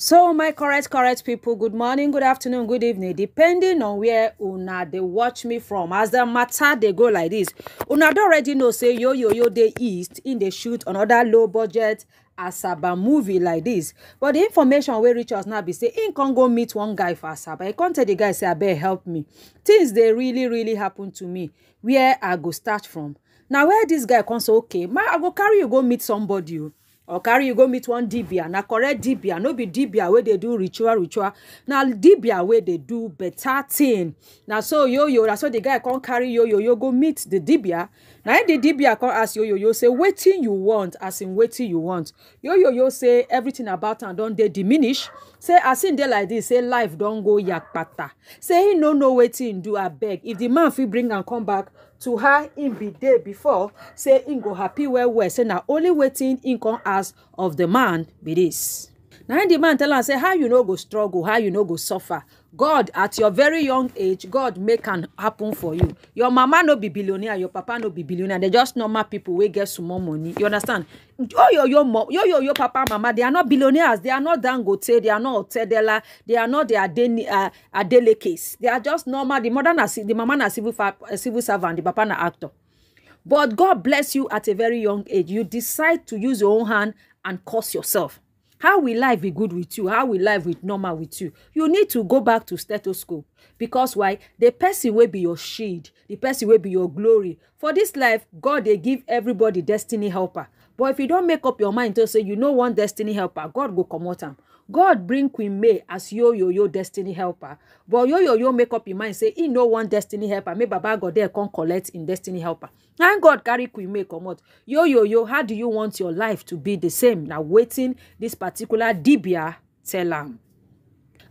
so my correct correct people good morning good afternoon good evening depending on where una they watch me from as the matter they go like this una don already know say yo yo yo dey east in dey shoot another low budget asaba movie like this but the information we reach us now be say in Congo meet one guy for asaba I con tell the guy say I better help me things they really really happen to me where i go start from Now where this guy comes? okay ma i go carry you go meet somebody o or carry you go meet one dibia na correct dibia no be dibia where they do ritual ritual Now dibia where they do better thing Now so yo yo, that's so the guy can't carry yo yo yo go meet the dibia Now if the dibia can't ask yo yo yo, say wetin you want as in wetin you want Yo yo yo say everything about and don't they diminish say as im dey like this say life don't go yak yakpata say he no no wetin im do beg? if the man fit bring and come back to her in be day before say im go happy well well say na only wetin in come ask of the man be this. na the man tell am say how you no go struggle how you no go suffer god at your very young age god make can happen for you your mama no be billionaire your papa no be billionaire they just normal people wey get some more money you understand your papa mama they are not billionaires they are not dangote they are not otedela they are not the uh, adelekes they are just normal the mother na the mama na civil, uh, civil servant the papa na actor but god bless you at a very young age you decide to use your own hand and curse yourself how will life be good with you how will life be normal with you you need to go back to stethoscope because why the person will be your shield the person will be your glory for this life god they give everybody destiny helper but if you don't make up your mind to say you no want destiny helper god go come am God bring Queen May as yo yo yo destiny helper. But yo yo yo make up your mind say he no one destiny helper. May Baba God there come collect in destiny helper. Thank God carry Queen May come out. Yo yo yo, how do you want your life to be the same? Now waiting this particular Dibia tell him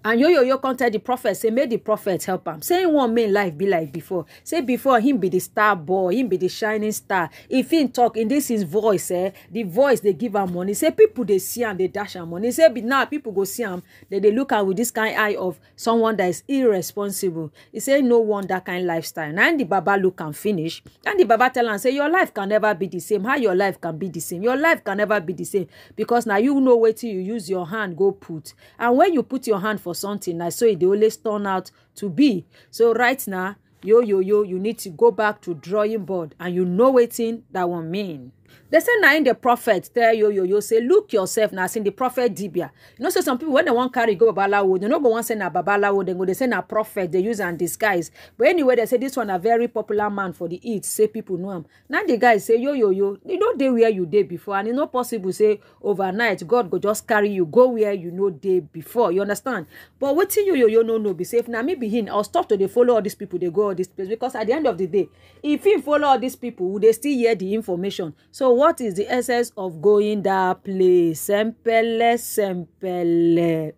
and yo yo, contact the prophet say may the prophet help am say one wan make life be like before say before him be the star boy him be the shining star if he talk in this his voice eh the voice they give him money say people they see him, they dash him money say but now people go see him, dem they look at with this kind eye of someone that is irresponsible He say no one that kind lifestyle And the baba look finish and the baba tell am say your life can never be the same how your life can be the same your life can never be the same because now you know to. you use your hand go put and when you put your hand for something na so e dey always turn out to be so right now yo yo yo you need to go back to drawing board and you know wetin that one mean they say na in the prophet tell you you say look yourself now as the prophet dibia you know say some people when they want carry go babalawo they no go wan say na babalawo they go they say na prophet they use and disguise but anyway they say this one a very popular man for the east say people know him now the guy say yo yo yo you know they where you day before and it's no possible say overnight god go just carry you go where you know day before you understand but yo yo no no be safe now me be him i'll stop to they follow all these people they go all this place because at the end of the day if you follow all these people would they still hear the information so what is the essence of going that place sempele sempele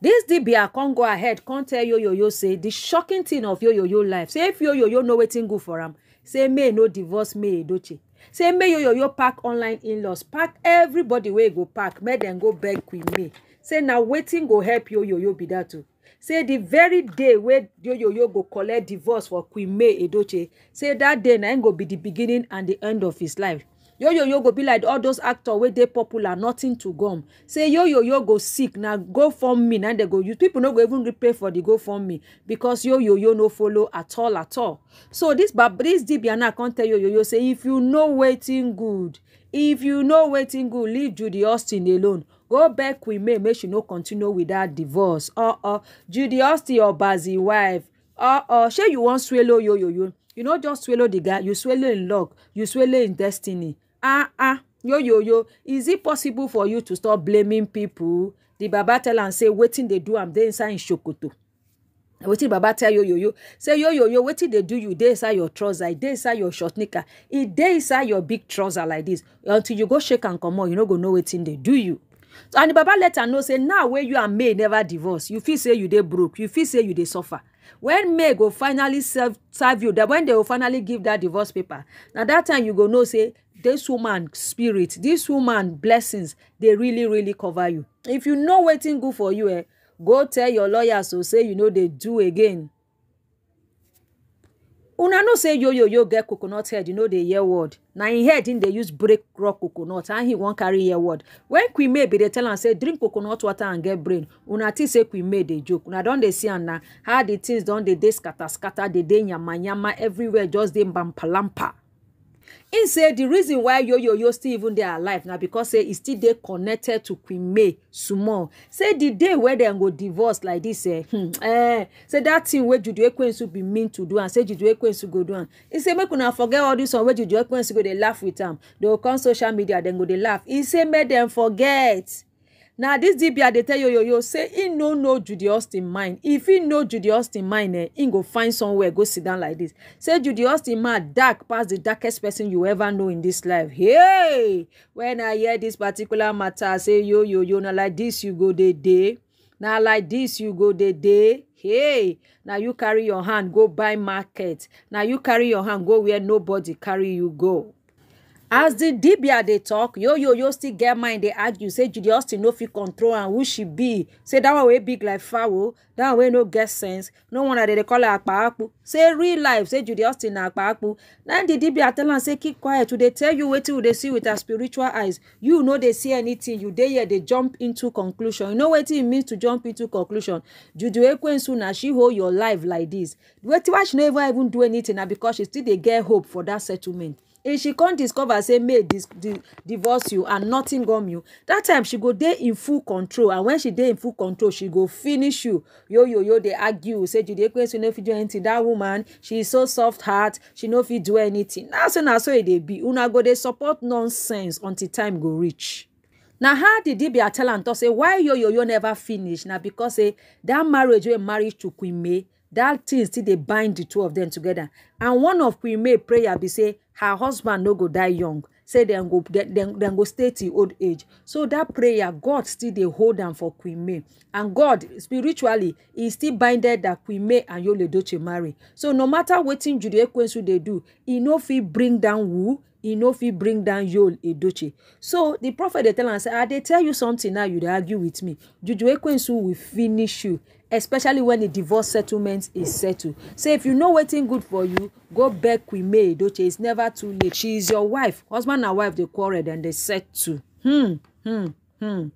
this dbr can't go ahead Can't tell yo yo yo. say the shocking thing of yo yo yo life say if yo yo yo no waiting good for him. say me no divorce may edoche say me yo yo yo pack online in-laws pack everybody wey go pack make then go back with me say na wetin go help yoyoyo be that too. say the very day where wey yoyoyo go collect divorce for queen may edoche say that day na im go be the beginning and the end of his life yoyoyo go be like all those actors where they popular nothing to gum say yoyoyo go sick now go for me na they go use people not go even repay for the go for me because yoyoyo no follow at all at all so this this dibiana can't tell yoyoyo say if you know waiting good if you know waiting good leave judy austin alone go back with me make she no continue with that divorce uh uh judy austin busy wife uh uh shey you wan swallow yo. you no just swallow the guy you swallow in luck you swallow in destiny ah ah yo. is it possible for you to stop blaming people? The baba tell am say waiting they do am dey inside in shokoto wetin baba tell yo. say yo yo yoyoyo wetin they do you they inside your trouser they dey inside your short knicker they dey inside your big trouser like this until you go shake and come on you no go know wetin they do you and baba let her know say now where you and may never divorce you feel say you dey broke you feel say you dey suffer when may go finally serve serve you when they will finally give that divorce paper Now that time you go know say this woman spirit this woman blessings they really really cover you if you know waiting good for you eh go tell your lawyers to say you know they do again una know say yo get coconut head you know the hear word na im head im dey use break raw coconut and he wan carry hear word When queen may bin dey tell am say drink coconut water and get brain una think say queen may dey joke una don dey see am na how the things don dey dey scatter scatter dey dey yamayama everywhere just dey bampalampa He say the reason why yoyoyo still even dey alive na because say e still dey connected to queen may small say the day wey dem go divorce like this eh, hmm, eh say that thing wey judy ekwensu bin mean to do am say judy ekwensu go do am e say make una forget all this one wey judy ekwensu go dey laugh with am dey go come social media dem go dey laugh He say make dem forget na dis dibia dey tell yo. say he no know judy austin mind if he know judy austin mind eh he go find somewhere go sit down like this. say judy austin mind dark pass the darkest person you ever know in this life hey when i hear this particular matter say yo yo. na like this, you go dey dey na like this, you go dey dey hey na you carry your hand go buy market na you carry your hand go where nobody carry you go as di dibia dey yo yo still get mind dey argue say judy austin no fit control am who she be say dat one wey big like fowl dat one wey no get sense no wonder dem dey call her akpaakpu say real life say judy austin na akpaakpu na di dibia tell am say keep quiet we dey tell you wetin we dey see with our spiritual eyes you no dey see anything you dey here dey jump into conclusion you know wetin e mean to jump into conclusion judy ekwensu na she hold your life like this wetin why she no even even do anything na because she still dey get hope for that settlement if eh, she come discover say may dis divorce you and nothing gum you that time she go dey in full control and when she dey in full control she go finish you yo yo yo dey argue say jude ekwesu no fit do anything that woman she so soft heart she no fit do anything na so na so e dey be una go dey support nonsense until time go reach. na how di dibia tell am talk? say why yo yo yo never finish na because say dat marriage wey marry May. that thing still they bind the two of them together and one of queen may prayer be say her husband no go die young say they go get, they go stay till old age so that prayer god still they hold them for queen may and god spiritually is still binded that queen may and yole doche marry so no matter what wetin judy ekwensu they do e no fit bring down who e no fit bring down Yol edoche so the prophet they tell and say i they tell you something now you would argue with me juju ekwensu will finish you especially when the divorce settlement is settled say if you know wetin good for you go beg queen may edochie it's never too late she is your wife husband and wife dey quarrel and dey settle hmm hmm hmm.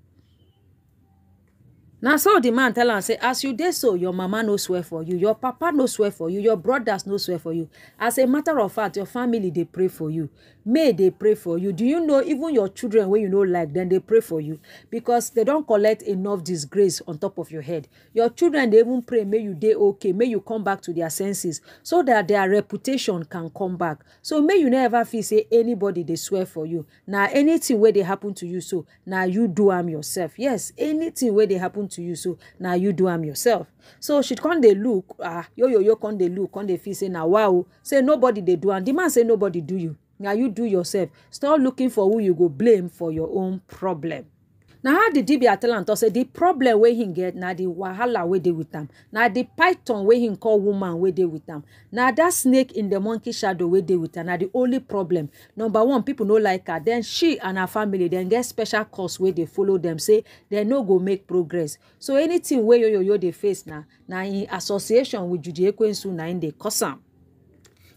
na so the man tell am say as you dey so your mama no swear for you your papa no swear for you your brothers no swear for you as a matter of fact your family dey pray for you may they pray for you do you know even your children when you know like then they pray for you because they don't collect enough disgrace on top of your head your children they even pray May you day okay May you come back to their senses so that their reputation can come back so may you never feel say anybody they swear for you Now anything where they happen to you so now you do am yourself yes anything where they happen to you so now you do am yourself so she come they look ah yo, come they look come they feel say na wow say nobody they do and the man say nobody do you na you do yourself stop looking for who you go blame for your own problem na how di dibia tell am tok say di problem wey him get na the wahala wey dey with am na the python wey him call woman wey dey with am na that snake in the monkey shadow wey dey with am na the only problem number one people no like her Then she and her family dem get special course wey dey follow dem say dem no go make progress so anytin wey yoyoyo dey face na na in association with judy ekwensu na im dey cause am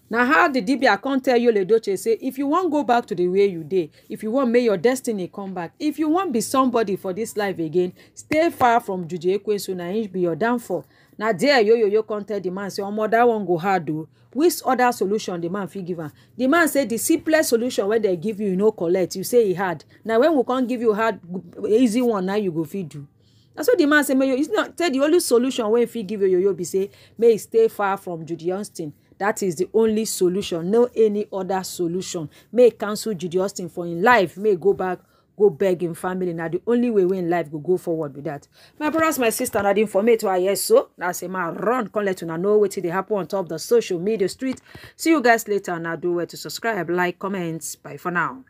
na how di dibia come tell yule doche say if you wan go back to the way you dey if you wan make your destiny come back if you wan be somebody for this life again stay far from juju ekwesu na im be your downfall na there yoyoyo come tell the man say omo that one go hard o oh. which other solution the man fit give am di man say the simplest solution wey dem give you you no collect you say e hard na when we come give you hard easy one na you go fit do na so the man say make you tell the only solution wey fit give yoyoyo be say may e stay far from judy austin That is the only solution. No any other solution. May cancel Judy Austin for in life. May go back go beg in family Now the only way we in life go go forward with that my brothers my sisters na inform informate wey i so now say my run come let you know what they happen on top the social media street see you guys later Now do wait to subscribe like comment bye for now.